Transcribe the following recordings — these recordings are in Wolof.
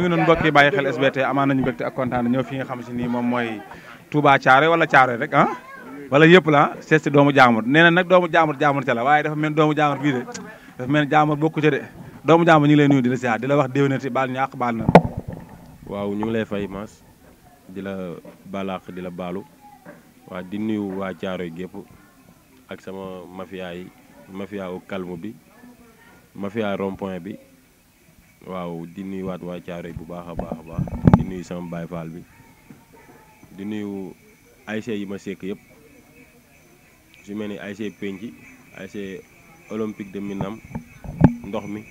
mu ngi noonu mbokki bàyyi xel SBT amaan nañu mbégte ak kontaan ñëw fi nga xam si nii moom mooy Touba Thiaré wala Thiaré rek ah wala yëpp la seet si doomu jaamur nee nag doomu jaamur jaamur ca la waaye dafa mel doomu jaamur bii de dafa mel jaamur doomu jaamur ñu ngi lay nuyu di la siyaar di la wax déwénati baal ñu àq baal na waaw ñu ngi lay fay mas di la balaax di la baalu waa di nuyu waa Thiaroye gépp ak sama mafia yi mafia u kalmu bi mafia rond bi waaw di nuyuwaat waa Caaroy bu baax a baax a baax di nuyu sama baay faal bi di nuyu ASC yi ma sekk yëpp su mel ni ay penc ASC olympique de Minam ndox mi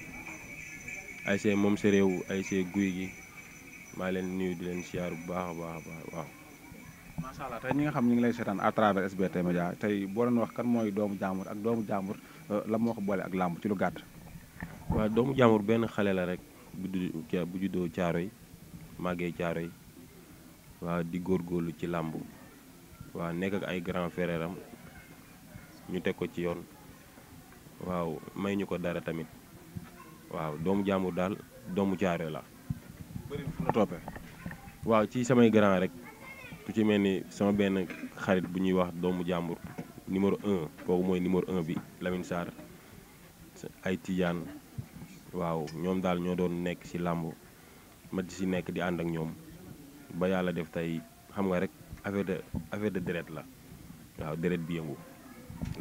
ASC moom sa réew ASC guy gi maa leen nuyu di leen siyaar bu baax a baax a baax waaw. macha allah tey ñi nga xam ñu ngi lay seetaan à travers SBT Média tey boo doon wax kan mooy doomu jàmbur ak doomu jàmbur euh, la moo ko boole ak làmb ci lu gàtt. waaw doomu jàmbur benn xale la rek bu juddoo caaroy màggee caaroy waa di góorgóorlu ci làmb waa nekk ak ay grand frère ñu teg ko ci yoon waaw may ñu ko dara tamit waaw doomu jàmbur daal doomu caaroy la bëri fu la waaw ci samay grand rek ku ci mel ni sama benn xarit bu ñuy wax doomu jàmbur numéro un kooku mooy numéro un bi Lamine Sarr ay tiijaan waaw ñoom daal ñoo doon nekk ci làmb mat di si nekk di ànd ak ñoom ba yàlla def tey xam nga rek affaire de affaire de deret la waaw deret bi yëngu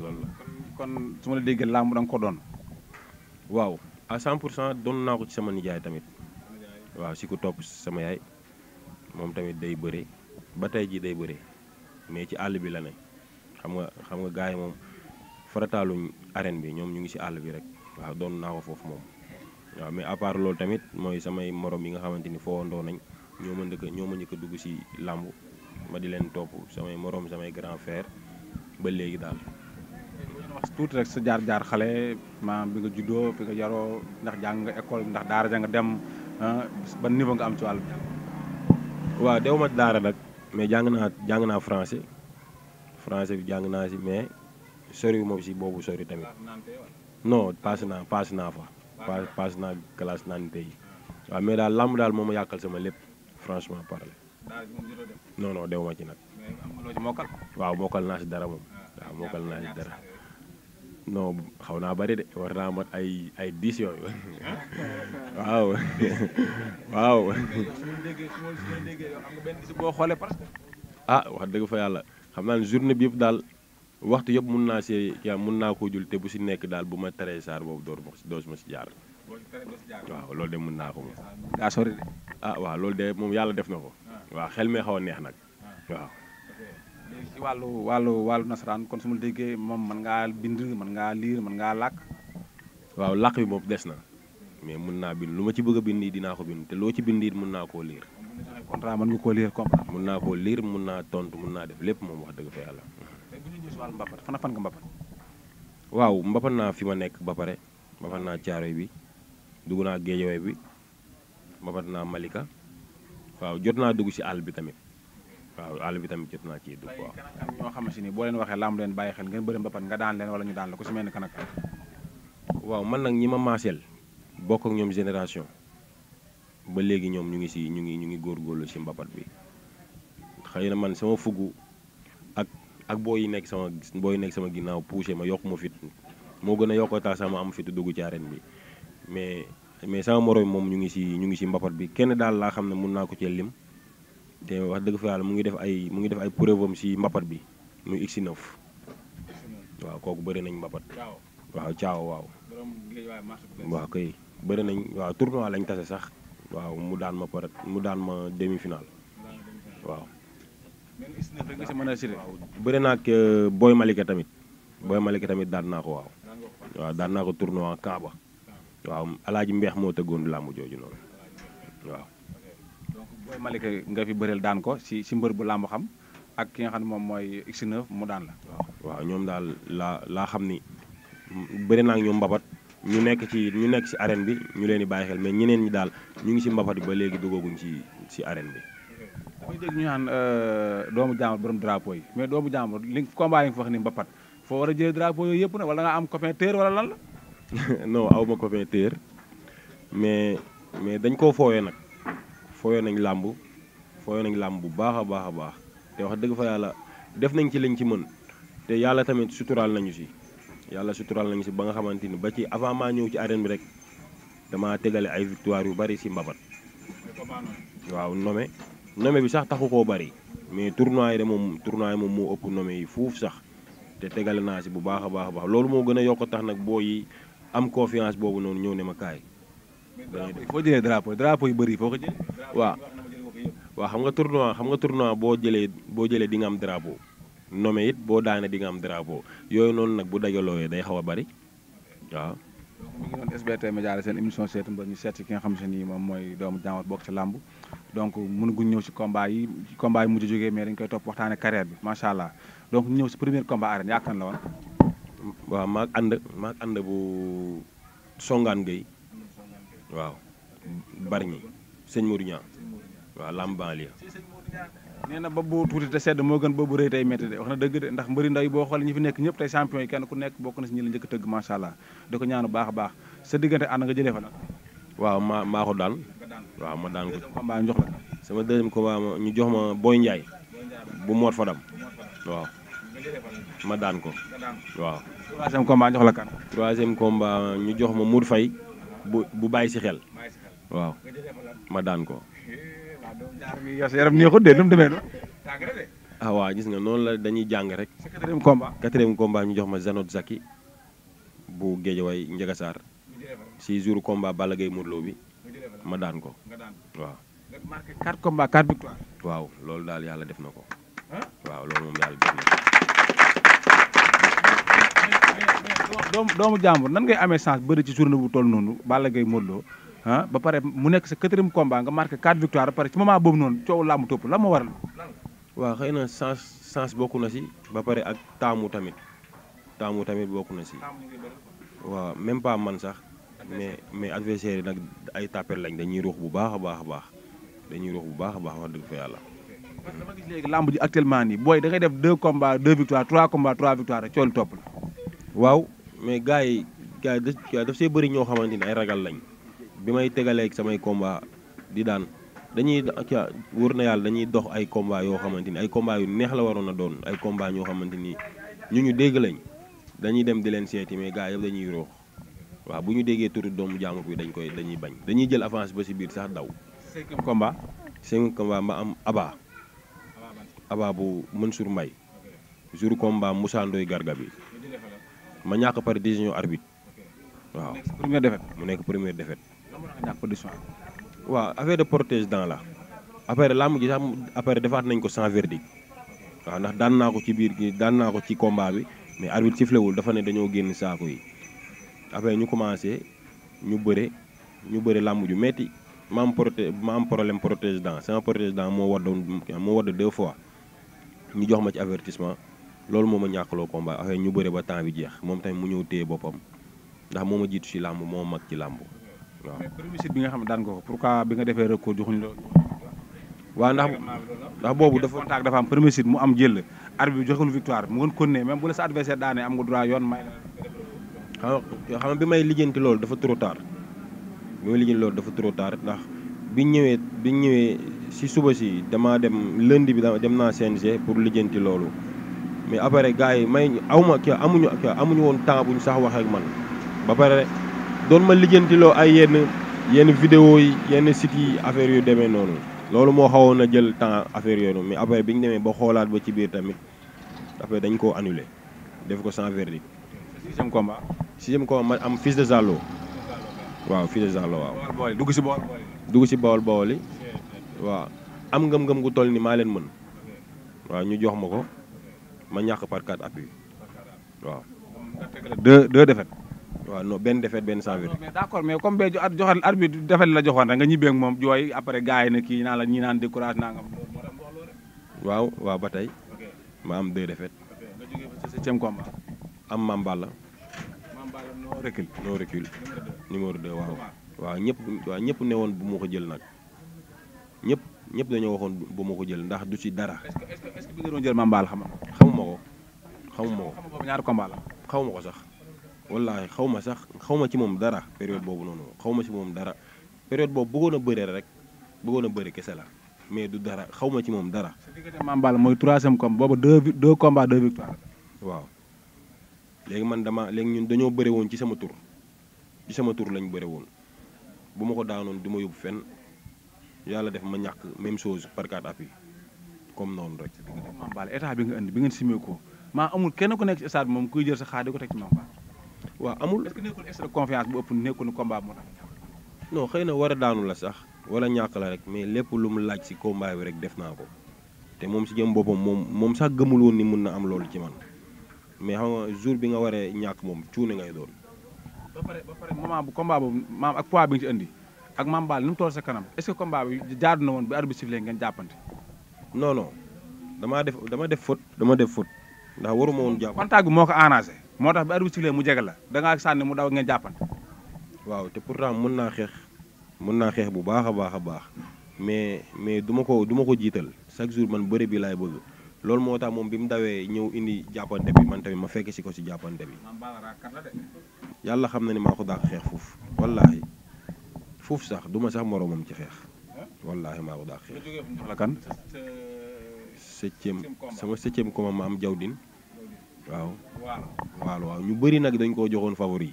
loolu la. kon su ma déggee làmb danga ko doon. waaw à cent doon naa ko ci sama nijaay tamit waaw si ku topp sama yaay moom tamit day bëre ba tey jii day bëre mais ci àll bi la ne xam nga xam nga gars yi moom farataaluñ arène bi ñoom ñu ngi si àll bi rek waaw doon naa ko foofu moom. waaw mais à part loolu tamit mooy samay morom yi nga xamante ni foowandoo nañ ñoo ma njëkk ñoo ma njëkk a dugg si làmb ma di leen topp samay moroom samay grand frère ba léegi daal. wax tuuti rek sa jaar-jaar xale maam bi nga juddoo bi nga yaroo ndax jàng nga école ndax daara ja nga dem ah, ban niveau nga am ci wàllu jàng. waaw dew ma daara nag mais jàng naa jàng naa français français bi jàng naa si mais soriwuma si boobu sori tamit non paase naa paase naa fa. paas paas naa classe naan tey waaw ah, mais daal làmb daal moo ma yàqal sama lépp franchement parler non non dew ci nag. waaw mokkal naa si dara moom. waaw mokkal naa si dara. non xaw naa bari de war naa mat ay ay yooyu waaw waaw. Ah, wax dëgg fa yàlla xam naa journée bi yëpp daal. waxtu yëpp mun naa see yaa mun naa koo jul te bu si nekk daal bu ma teree saar boobu door ma si doos ma si jaar. waaw loolu de mun naa ko moom. daa sori de. ah waaw loolu de moom yàlla def na ko. waaw xel mee xaw a neex nag. Ah. waaw. léegi ci wàllu nasaraan kon su ma déggee moom mën ngaa bind mën ngaa liir mën ngaa làkk. waaw làkk bi moom des na. mais mun naa bind lu ma ci bëgg a bind yi dinaa ko bind te loo ci bind it mun naa koo liir. contrat mën nga koo liir comprendre. mun naa koo liir mun naa tontu mun naa def lépp moom wax dëgg fa yàlla. ci wàllu waaw mbapat naa fi ma nekk ba pare mbapat naa Caaroy bi dugg naa Géejawaay bi mbapat naa Malika waaw jot naa dugg ci àll bi tamit waaw àll bi tamit jot naa ci dugg waaw. xamante ni boo leen waxee làmb leen bàyyi xel nga daan leen wala ñu daan la ku si mel ne kan ak man nag ñi ma maaseel bokk ak ñoom génération ba léegi ñoom ñu ngi si ñu ngi ñu ngi góorgóorlu si mbapat bi xëy na man sama fugu ak boo yi nekk sama booy yi nekk sama ginnaaw poussé ma yokk ma fit moo gën a yokkoo tax ma am fit dugg ci arène bi mais mais sama moroom moom ñu ngi si ñu ngi si mbapat bi kenn daal laa xam ne mun naa ko cee lim te wax dëgg fi yàlla mu ngi def ay mu ngi def ay preuve am si mbapat bi muy X9 waaw kooku bëri nañ mbapat waaw caaw waaw waaw kay bëri nañ waaw tournoi lañ tase sax waaw mu daan ma pare mu daan ma demi-finale waaw bëri naa ak euh, Boy Malika tamit Boy Malika tamit daan naa ko waaw waaw daan naa ko tournoi Kaaba waaw alaaji mbeex moo tëggoon làmb jooju noonu waaw donc Boy Malika nga fi bëreel daan ko si si mbër bu làmb ak ki xam ne moom mooy x mu daan la ñoom daal laa laa xam ni bëri naa ak ñoom mbabat ñu nekk ci ñu nekk ci arène bi ñu leen di bàyyi xel mais ñeneen ñi daal ñu ngi si mbabat bi ba léegi duggaguñ ci si arène bi ñu jël ñu naan euh, doomu jàmbur borom drapeau yi mais doomu jàmbur li combat yi nga fa wax ni mbapat foo war a jëlee drapeau yooyu yëpp nag wala da nga am copain téer wala lan la. non aw ma copain mais mais dañ ko fooyee nag fooyee nañ làmb fooyee nañ làmb bu baax a baax a baax te wax dëgg fa yàlla def nañ ci lañ ci mën te yàlla tamit suturaal nañu si yàlla suturaal nañu si ba nga xamante ni ba ci avant maa ñëw ci arène bi rek damaa tegale ay victoire yu bari si mbabat nome bi sax taxu koo bari mais tournoi yi de moom tournoi yi moom moo ëpp nome yi fuuf sax te tegale naa si bu baax a baax a baax loolu moo gën a yokk tax nag boo yi am confiance boobu noonu ñëw ne ma kaay. da ngay foo jëlee drapeau drapeau yu bëri foo ko jëlee. waaw waaw xam nga tournoi xam nga tournoi boo jëlee boo jëlee di nga am drapeau nome it boo daane di nga am drapeau yooyu noonu nag bu dajaloo day xaw a bari waaw. mu ngi doon SBT Média seen émission seetu mbër ñu seet si ki xam se ni moom mooy doomu Jaambur bokk ci làmb donc mënaguñ ñëw si combat yi combat yi mujj a jógee mais dañ koy topp waxtaane carrière bi macha allah donc ñu ñëw si premier combat arène yaakaar la woon. waaw ànd maag ànd bu Songaan Gueye waaw Bargny sëñ Modou Niang waaw làmb banlieue nee na ba boo tuuti te sedd moo gën boobu rëy tey métti de wax na dëgg de ndax mbëri ndaw yi boo xoolee ñi fi nekk ñëpp tey champion yi kenn ku nekk bokk na si ñi la njëkk tëgg macha allah di ko ñaanu baax a baax sa diggante ànd nga jëlee fa nag waaw ma maa ko daan waaw ma daan ko sama deuxième combat ma ñu jox ma Boy Ndiaye bu moot fa dam waaw ma daan ko waaw jox la kan troisième combat ñu jox ma Mour fay bu bu bàyyi si xel waaw ma daan ko yaram neexut de nu mu demee ah waaw gis nga noonu la dañuy jàng rek. quatrième combat quatrième combat ñu jox ma Zanot Zaki bu Géejawaay Ndiaga Sarr si jour combat bala gay Modou bi ma daan ko waaw. marqué 4 combats 4 waaw loolu daal yàlla def na ko. waaw loolu moom yàlla def na ko. doomu doomu nan ngay amee chance bëri ci journée bu toll noonu Balla Gaye Modou ah ba pare mu nekk sa quatrième combat nga marqué quatre victoire ba pare ci moment boobu noonu coow laa mu topp lan moo waral. waa xëy na sens sens bokk na si ba pare ak taamu tamit taamu tamit bokk na si. waaw même pas man sax. mais mais nag ay tapel lañ dañuy ruux bu baax a baax a baax dañuy ruux bu baax a baax wax dëgg fa yàlla. parce que léegi lamb ji actuellement nii booy da def deux combats deux victoires trois combats trois victoires rek coono topp la. waaw mais gars yi gars yi daf see bëri ñoo xamante ni ay ragal lañ. bi may tegalee tegaleeg samay combat di daan dañuy wër na yàlla dañuy dox ay combat yoo xamante ni ay combat yu neex la waroon a doon ay combat ñoo xamante ni ñu ñu dégg lañ dañuy dem di leen seeti mais gars yëpp dañuy roox waaw bu ñu déggee turu doomu jaamu bi dañ koy dañuy bañ dañuy jël avance ba si biir sax daw. cinquième combat. cinquième combat ma am Aba. Aba bu mën Mbaye jour combat Moussa Ndoye Garga bi ma ñàkk par décision arbitre waaw mu nekk première défaite. waaw affaire de protège dents la affaire làmb ji sax affaire defaat nañ ko sans verdict waaw ndax daan naa ko ci biir gi daan naa ko ci kombaa bi mais arbitre sifflewul dafa ne dañoo génn saako yi après ñu commencé ñu bëre ñu bëre làmb ju metti ma am proté ma am problème protège dents sama protège dents moo waddoon wadd deux fois ñu jox ma ci avertissement loolu moo ma ñàkkaloo combat affaire ñu bëre ba temps bi jeex moom tamit mu ñëw téye boppam ndax moo ma jiitu ci làmb moo mag ci làmb waaw mais premier site bi nga xam ne daan nga ko pourquoi bi nga defee recours joxuñu la. waaw ndax ndax boobu dafa contact dafa am premier site mu am jël arbitre bi joxul victoire mu ngeen kon ne même bu la sa adversaire daanee am nga droit yoon may la. xam xam bi may lijjanti loolu dafa trop tard bi may dafa trop tard ndax biñ ñëwee biñ ñëwee si suba si damaa dem lundi bi dem naa CNG pour lijjanti loolu mais après gars yi may awma kii amuñu kii amuñu woon temps buñ sax waxee ak man ba pare. doon ma lijjantiloo ay yenn yenn vidéo yi yenn sites yi affaire yu demee noonu loolu moo xawoon a jël temps affaire yooyu mais après bi ñu demee ba xoolaat ba ci biir tamit après dañ koo annule def ko sans verdict. sixième combat. sixième combat ma am fils de Zallo. waaw fils de dugg si Bawol Bawol dugg si Bawol Bawol yi waaw am ngëm-ngëm gu toll ni maa leen mën waaw ñu jox ma ko ma ñàkk par quatre appui waaw. deux waaw non benn defet benn ah, sans verdict mais d'accord mais comme bee at joxoon arbitre defet la joxoon rek nga ñibbee ak moom jooy après gars yi ki kii naa la ñi naan décourage naa nga waaw waaw ba tey ma am deux défaites sa septième combat am Mame Balla Mame numéro deux waaw ñépp ñëpp waaw ñëpp ne woon bu ma ko jël nag ñëpp ñëpp dañoo waxoon bu ma ko jël ndax du ci dara est jël Mame xama xamuma ko xamuma ko ñaari combat xamuma ko sax wallaahi xaw ma sax xaw ma ci moom dara période boobu noonu xaw ma ci moom dara période boobu bëggoon a bëree rek bëggoon a bëri kese la mais du dara xaw ma ci moom dara. sa diggante mooy troisième combat boobu deux deux combats deux victoires. waaw léegi man dama léegi ñun dañoo bëri woon ci sama tur sama tur lañ bëri woon bu ma ko daanoon du ma yóbbu fen yàlla def ma ñàkk même chose par quatre appuis comme noonu rek. Mame Balla état bi nga indi bi ko maa amul kenn ku nekk ci moom kuy jël sa xaar di ko teg ci waaw amul est-ce que nekkul extra confiance bu ëpp nekkul combat moo tax. non xëy na war a daanu la sax wala ñàkk la rek mais lépp lu mu laaj si combat bi rek def naa ko te moom si jëm boppam moom moom sax gëmul woon mun na am loolu ci man mais xam jour bi nga waree ñàkk moom cuune ngay doon. ba bu combat boobu maam ak poids bi nga ci indi ak maam Baal ni sa kanam est-ce que bi jaadu na woon bi arbitre sifflé ngeen jàppante. non damaa def dama def faute dama def faute ndax waruma woon jàpp. contact bi moo ko arrangé. moo tax bi arbitre sifflé mu jege la da ngaa sànni mu daw ngeen jàppante. waaw te pourtant mën naa xeex mën naa xeex bu baax a baax a baax mais mais duma ko duma ko jiital chaque jour man bëre bi laay bëgg loolu moo tax moom bi mu dawee ñëw indi jàppante bi man tamit ma fekk si ko si jàppante bi. yàlla xam na ni maa ko dàq xeex foofu wallaahi foofu sax duma ma sax moromam ci xeex wallaahi maa ko dàq xeex. septième sama septième combat ma am jawdin waaw waalo waalo waaw ñu bëri nag dañ koo joxoon favori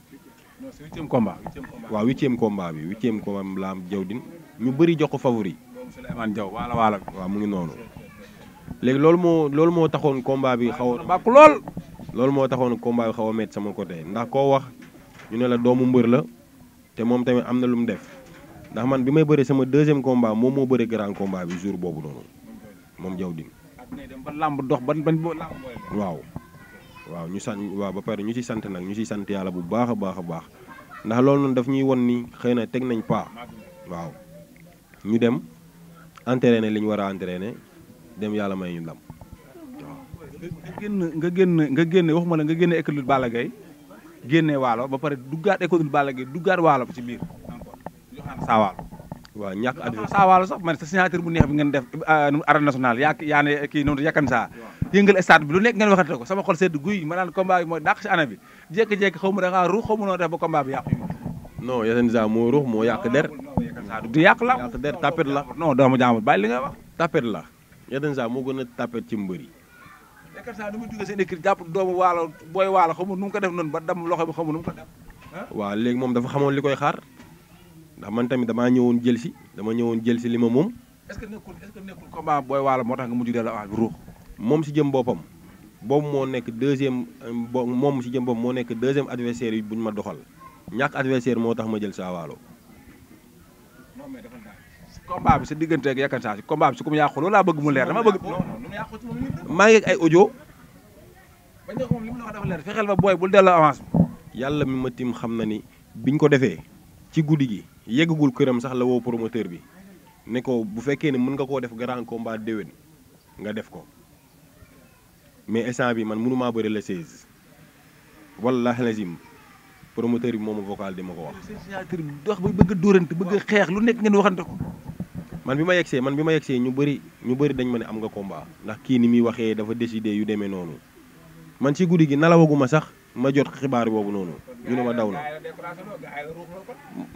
non c'est huitième combat waaw huitième combat bi huitième combat laam jawdin ñu bari jox ko favori Souleymane Diaw waalo waalo waaw mu ngi noonu léegi loolu moo loolu moo taxoon combat bi xaw a bàkk lool loolu moo taxoon combat xaw a métti sama côté ndax koo wax ñu ne la doomu mbër la te moom tamit am na lu mu def ndax man bi may bëri sama deuxième combat moom moo bëri grand combat bi jour boobu noonu moom jawdin dem làmb dox ban waaw waaw ñu sant waaw ba pare ñu ci sant nag ñu ci sant yàlla bu baax a baax a baax ndax loolu noonu daf ñuy won ni xëy na teg nañ pas waaw ñu dem entraîné li ñu war a entraîné dem yàlla may ñu ndam waaw. nga génn nga génn nga génne waxuma la nga génne école Balla gay génne waalo ba pare duggaat école Balla Gaye duggaat waalo ci biir encore joxaan saa waalo. waaw ñàkk adversaire saa waalo sax man sa signature bu neex bi ngeen def euh, arène nationale yaa yaa ne kii noonu yakkan saa yëngal stade bi lu nekk ngeen waxate ko sama xol sedd guy ma naan combat bi mooy dàq ci année da ngaa ruux ah, yàq la yàq der la non doomu jaamul bàyyi li nga wax tapet moo gën a tapet ci mbër yi Sa du muy duggee seen écrit jàpp doomu waalo booy waalo xamu nu mu ko def noonu ba dam loxo bi xamu nu ko waaw léegi moom dafa xamoon li koy xaar ndax man tamit damaa ñëwoon jël si dama ñëwoon jël si li ma moom est que nekkul est-ce que nekkul booy waalo moo tax nga mujj delloo avance bi ruux moom si jëm boppam boobu moo nekk deuxième bo moom si jëm boppam moo nekk deuxième adversaire yi bu ñu ma doxal ñàkk adversaire moo tax ma jël Saa Waalo. combat bi sa diggante ak Yekini Saa bi su ko mu yàqu loolu laa bëgg mu leer dama bëgg. maa ngi ay audio. bañ fexeel ba booy bul delloo avance yàlla mi ma tim xam na ni biñ ko defee ci guddi gi yeggagul këram sax la woo promoteur bi ne ko bu fekkee ne mën nga koo def grand combat déwén nga def ko. mais instant bi man mënumaa bëri le 16 wallaahi lazim promoteur bi moomu vocal di ma ko wax. signature dox ba bëgg a dóorante bëgg xeex lu nekk ngeen waxante ko. man bi ma yegsee man bi ma yegsee ñu bari ñu bëri dañ ma ne am nga combat ndax kii ni muy waxee dafa décidé yu demee noonu man ci guddi gi nalawaguma sax ma jot xibaar boobu noonu ñu ne ma daw na.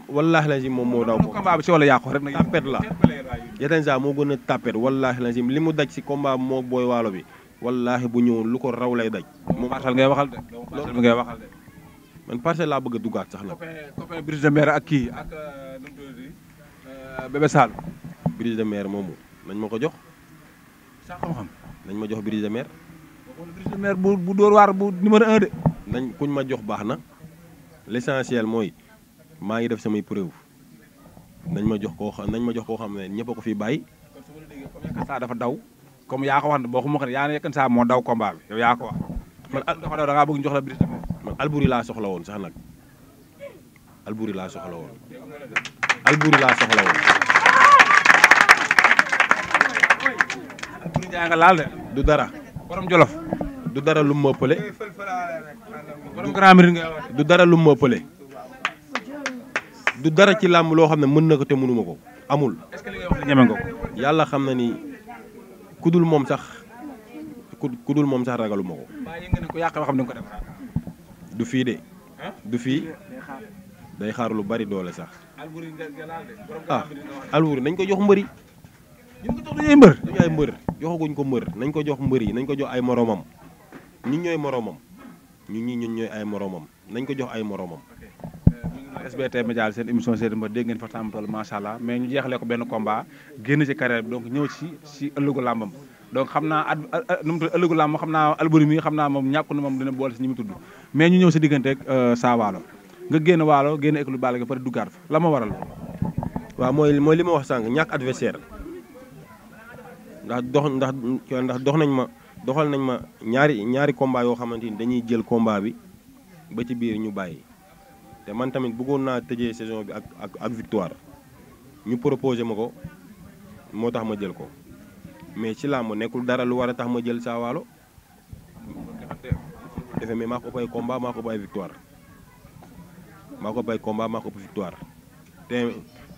wallaahi lazim moom moo daw. combat bi si wala yàqu rek nag. tapet la Yatenza moo gën a tapet wallaahi lazim li mu daj si combat bi moo waalo bi. wallaahi bu ñëwoon lu ko raw lay daj. moom parcelle ngay waxal de. parcelle ngay waxal de. man parcelle laa bëgg a duggaat sax nag. copain copain de Mer ak kii ak euh, nu mu euh, de Mer moomu nañ ma ko jox. saa xam nañ ma jox Brise de bu Dóor waar bu numéro un de. nañ kuñ ma jox baax na l'essentiel mooy maa ngi def samay preuve nañ ma jox koo xam nañ ma jox koo xam ne ñëpp ko fi bàyyi. saa dafa daw. comme yaa ko wax ne boo ko ko ne yaa ne yekkan saa moo daw combat yaa ko wax man dafa daw da ngaa bëgg jox la al man Albouri laa soxla woon sax nag Albouri laa soxla woon Albouri laa soxla woon du dara borom jolof du dara lu ma ëppale borom du dara lu ma du dara ci làmb loo xam ne mën na ko te mënuma ko amul yàlla xam na ni ku dul moom sax ku ku dul moom sax ragaluma ko. bàyyi ku yàq xam ne ko def du fii de. du fii day xaar lu bari doole sax. ah Albouri nañ ko jox mbëri. ay mbër joxaguñ ko mbër nañ ko jox mbëri yi nañ ko jox ay moroomam ñun ñooy moroomam ñun ñii ñun ñooy ay moromam nañ ko jox ay moroomam SBT Média seen émission Sen Mbeur dégg ngeen fa tam toll macha allah mais ñu jeexalee ko benn combat génn ci carrière bi donc ñëw ci si ëllëgu làmbam donc xam naa at nu mu tudd ëllëgu xam naa Alboury mi xam naa moom ñàkk na moom dina boole si ñi mu tudd mais ñu ñëw sa diggante ak euh, saa waalo nga génn waalo génn école Balla Gaye pare duggaat fa la ma waral. waaw mooy mooy li ma wax sànq ñàkk adversaire ndax dox ndax ndax dox nañ ma doxal nañ ma ñaari ñaari komba yoo xamante ni dañuy jël combat bi ba ci biir ñu bàyyi te man tamit bëggoon naa tëjee saison bi ak ak ak victoire ñu proposé ma ko moo tax ma jël ko mais ci làmb nekkul dara lu war a tax ma jël Saa Waalo defe mais maa ko ëpp combat maa ko ëpp ay victoire maa combat maa ko ëpp victoire te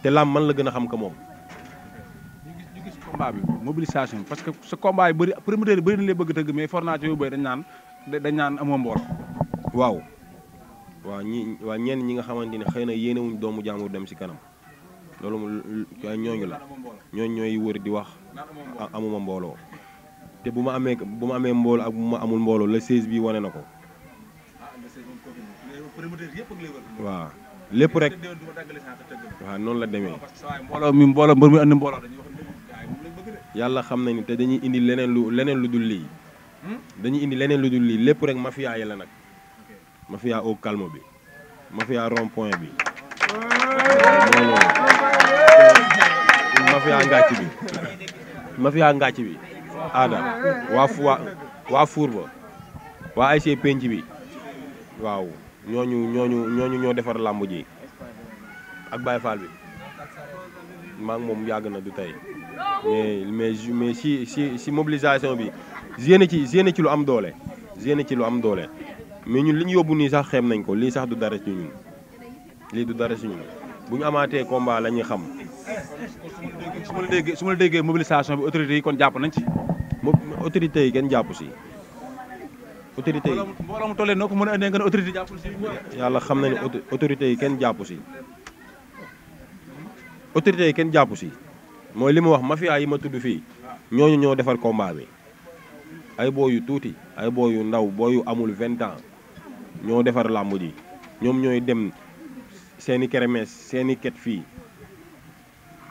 te làmb man la gën a xam que moom. combat bi mobilisation parce que sa combat yi bëri promoteur yi bëri na lay bëgg tëgg mais fornage yooyu bëri dañ naan dañ naan amoo mbooloo waaw waa ñi waa ñenn ñi nga xamante ni xëy na yéenewuñ doomu jàmbur dem ci kanam loolu ñooñu la ñooñ ñooy wër di wax amuma mbooloo te bu ma amee bu ma amee mbooloo ak bu ma amul mbooloo la 16 bi wane na ko waaw lépp rek waa noonu la demee mbooloo mi mbooloo mbër mi andi mbooloo yàlla xam nañu te dañuy indi leneen lu leneen lu dul lii hmm? dañuy indi leneen lu dul lii lépp rek mafia yi la nag mafia au calme bi mafia rond point bi mafia ngàcc bi mafia ngàcc bi aada waa fu waa fuur ba waa ay see penc bi waaw ñooñu ñooñu ñoo defar làmb ji ak Baye bi maa ngi moom yàgg na du tey mais mais si si si mobilisation bi génne ci génne ci lu am doole génne ci lu am doole mais ñun li ñu yóbbu nii sax xeem nañ ko lii sax du dara ci ñun lii du dara ci ñun bu ñu amaatee combat la ñuy xam. su ma la déggee su ma déggee mobilisation bi autorités yi kon jàpp nañ ci. mo autorités yi kenn jàpp si. autorités yi mbooloo mu ko mën a indee nga ne si. yàlla xam na ne autorités yi kenn jàpp si. autorités yi kenn jàpp si mooy li ma wax mafia yi ma tudd fii ñooñu ñoo defar combat bi ay booy yu tuuti ay booy yu ndaw booy yu amul vingt ans. ñoo defar làmb ji ñoom ñooy dem seen i seeni seen ket fii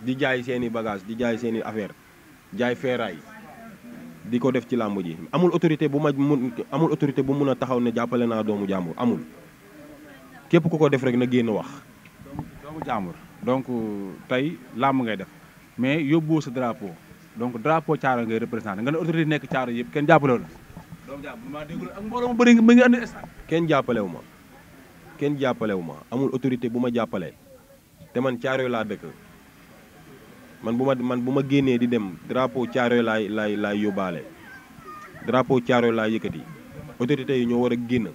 di jaay seen i bagage di jaay seeni i affaire jaay feeraay di ko def ci làmb ji amul autorité bu ma mun amul autorité bu mun a taxaw ne jàppale naa doomu jàmbur amul képp ku ko def rek na génn wax doomu jàmbur donc tey làmb ngay def mais yóbbuwoo sa drapeau donc drapeau caaro ngay représenté nga ne autorité nekk caaro yëpp kenn jàppaloo la doomu jàmm maa déggul ak mbooloo mu bëri mi ngi andi instant. kenn jàppalewu ma kenn jàppalewu ma amul autorité bu ma jàppale te man Caaroy laa dëkk man bu ma man bu ma génnee di dem drapeau Caaroy laay laay laay yóbbaale drapeau Caaroy laay yëkkati autorité yi ñoo war a génn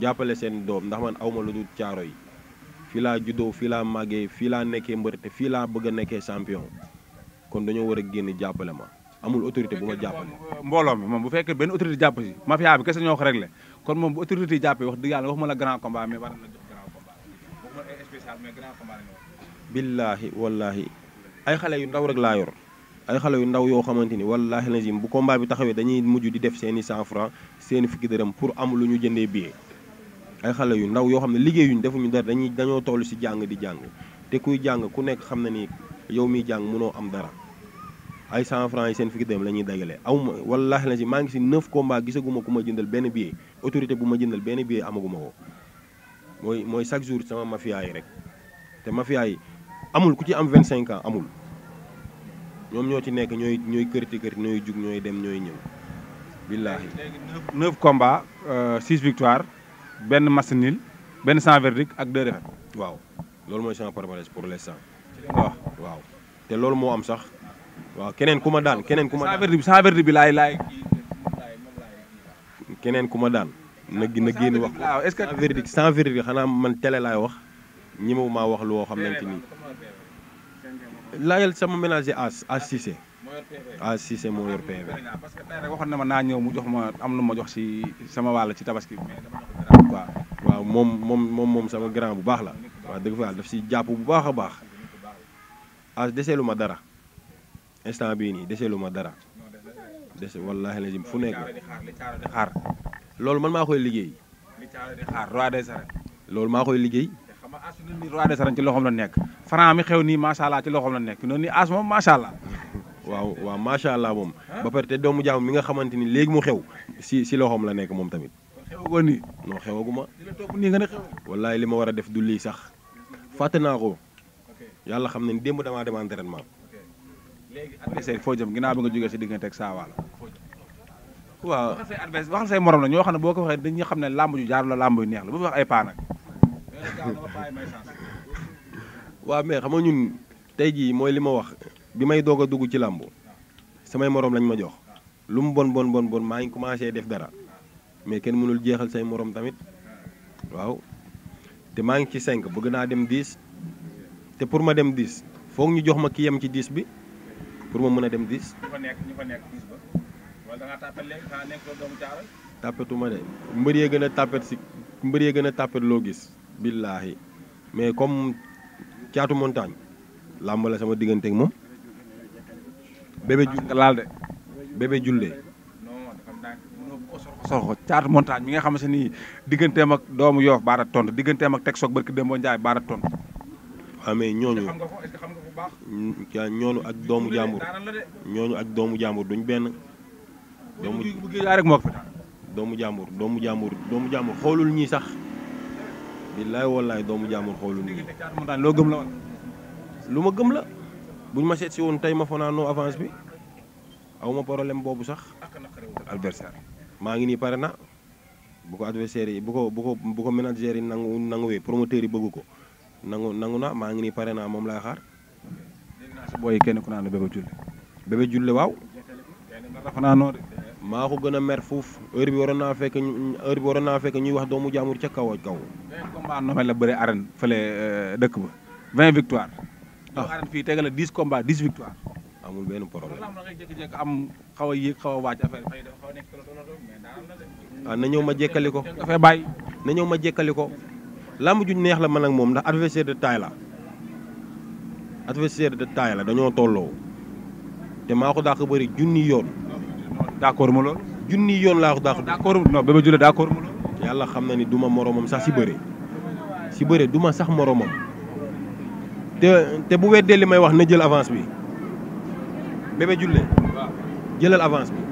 jàppale seen doom ndax man awma lu dul Caaroy yi fii laa juddoo fii laa màggee fii laa nekkee mbër te fii laa bëgg a nekkee champion kon dañoo war a génn jàppale ma. amul autorité bu ma jàppale euh, mbooloo mi moom bu fekkee benn autorité jàpp si mafia bi kese ñoo ko réglé kon moom bu autorité yi jàppee wax dëgg yàlla waxuma la grand combat billaahi wallaahi ay xale yu ndaw rek laa yor ay xale yu ndaw yoo xamante ni wallaahi lazim bu combat bi taxawee dañuy mujj di def seeni i cent franc seen i fukki pour am lu ñu jëndee billet ay xale yu ndaw yoo xam ne liggéeyuñ defuñu dara dañuy dañoo toll si jàng di jàng te kuy jàng ku nekk xam na ni yow miy jàng mënoo am dara ay 100 francs yi seen fii dem la ñuy dajale aw ma wallaahi la si maa ngi si 9 combats gisaguma ku ma jëndal benn billet autorité bu ma jëndal benn billet amaguma ko mooy mooy chaque jour sama mafia yi rek te mafia yi amul ku ci am 25 ans amul ñoom ñoo ci nekk ñooy ñooy kërti kërti ñooy jug ñooy dem ñooy ñëw. billaahi léegi neuf combats euh, six benn match nul benn sans verdict ak deux défaites. waaw loolu mooy sama palmarès pour les ci li waaw te loolu moo am sax. waaw keneen ku ma daan keneen ku ma daan saa bi saa verdi bi laay laay. ku ma daan. na na génn wax ko est-ce que. sans verdict sans verdict xanaa man télé laay wax ñemewu maa wax loo xamante ni laajal sama ménager as as Cissé as Cissé moo yor PV. parce que tey na ma naa ñëw mu jox ma am lu ma jox si sama wàll ci tabaski bi waaw moom moom moom moom sama grand bu baax la. waaw dëgg fa daf si jàpp bu baax a baax as deseelu ma dara. instant bii nii deselu ma dara dese wallaahi lazim fu nekk xaar loolu man maa koy liggéey xaar loolu maa koy liggéey ma ci loxoom la nekk Franc mi xew nii macha allah ci loxoom la nekk fi noonu ni as moom macha allah. waaw waaw macha allah moom. ba pare te doomu jaam mi nga xamante ni léegi mu xew si si loxoom la nekk moom tamit. xewagoo nii. non xewaguma. nii nga ne xew. wallaahi li ma war a def du sax fàtte naa ko yàlla xam ne démb damaa dem entraînement. adversaire foo jëm ginnaaw bi nga jógee si diggante ak Saa Waalo waaw waxal say adversaire waxal say morom la ñoo xam ne boo ko waxee dañuy xam ne làmb ju jaar la làmb yu neex la bu wax ay paa nag waaw mais xam ñun tey jii mooy li ma wax bi may doog a dugg ci làmb samay moroom lañ ma jox lu mu bon bon bon bon maa ngi commencé def dara mais kenn mënul jeexal say moroom tamit waaw te maa ngi ci cinq bëgg naa dem diis te pour ma dem 10 foog ñu jox ma ki yem ci diis bi pour ma mën a dem diis. ñu nekk ñu fa nekk diis tàppetuma de mbër yee gën a tàppet si mbër yee gën a tàppet loo gis. billaahi mais comme caatu montagne làmb la sama diggante ak moom. bébé julle laal de bébé julle. sorxo caatu montagne mi nga xamante ni digganteem ak doomu yoof baara tontu digganteem ak teg soog barki démboo njaay baara tontu amee ñooñu ñooñu ak doomu jàmbur ñooñu ak doomu jàmbur duñ benn. doomu rek doomu jàmbur doomu jàmbur doomu jàmbur xoolul ñii sax billaay wallaay doomu jàmbur xoolul ñii. loo gëm la lu ma gëm la buñ ma seet woon tey ma fanaanoo avance bi aw ma problème boobu sax adversaire maa ngi nii pare na bu ko adversaire bu ko bu ko bu ko manager yi nangu nanguwee promoteur yi bëgg ko nangu nangu na maa ngi nii pare na moom laa xaar. dégg naa si booy kenn ku naan Bébé Diouldé. Bébé Diouldé waaw. maa ko gën a mer fuuf heure bi waroon naa fekk heure bi waroon ñuy wax doomu jaamur ca kaw kaw. beneen combat nomé la bëre arène fële euh, dëkk ba 20 victoire. waaw ah. arène fii tegal la 10 combats 10 victoire. amul benn problème am xaw a yéeg xaw a ah, na ñëw ma jékkali ko. dafay na ñëw ma jékkali ko. làmb ju neex la man ak moom ndax adversaire de taille la adversaire de taille la dañoo tolloo te maa ko dàq bëri junni yoon. d'accord ma loolu. junni yoon laa ko dàq. d'accord non Bébé Diouldé d'accord ma loolu. yàlla xam na ni du ma moromam sax si bëre si bëri du ma sax moroomam te te bu weddee li may wax na jël avance bi Bébé Diouldé avance bi.